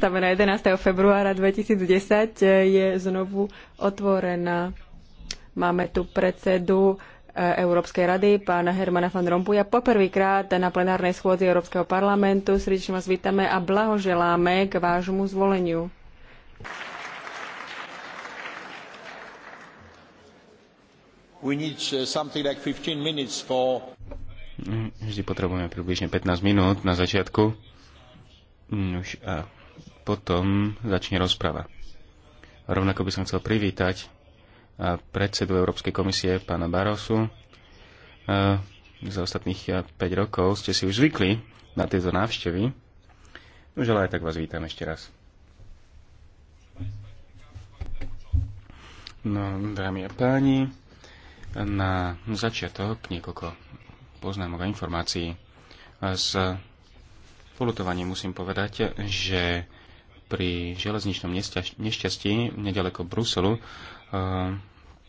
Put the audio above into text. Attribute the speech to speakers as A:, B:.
A: znamená 11. februára 2010, e, je znovu otvorená. Máme tu predsedu e, Európskej rady, pána Hermana van Rompuja. Poprvýkrát na plenárnej schôdzi Európskeho parlamentu srdečne vás vítame a blahoželáme k vášmu zvoleniu.
B: Need, uh, like for...
C: Vždy potrebujeme približne 15 minút na začiatku. Mm, už, a potom začne rozprava. Rovnako by som chcel privítať eh, predsedu Európskej komisie pána Barosu. Eh, za ostatných 5 eh, rokov ste si už zvykli na tieto návštevy. No, ale aj tak vás vítam ešte raz. No, dámy a páni, na začiatok niekoľko poznámok a informácií z polutovaním musím povedať, že pri železničnom nešťastí nedaleko Bruselu eh,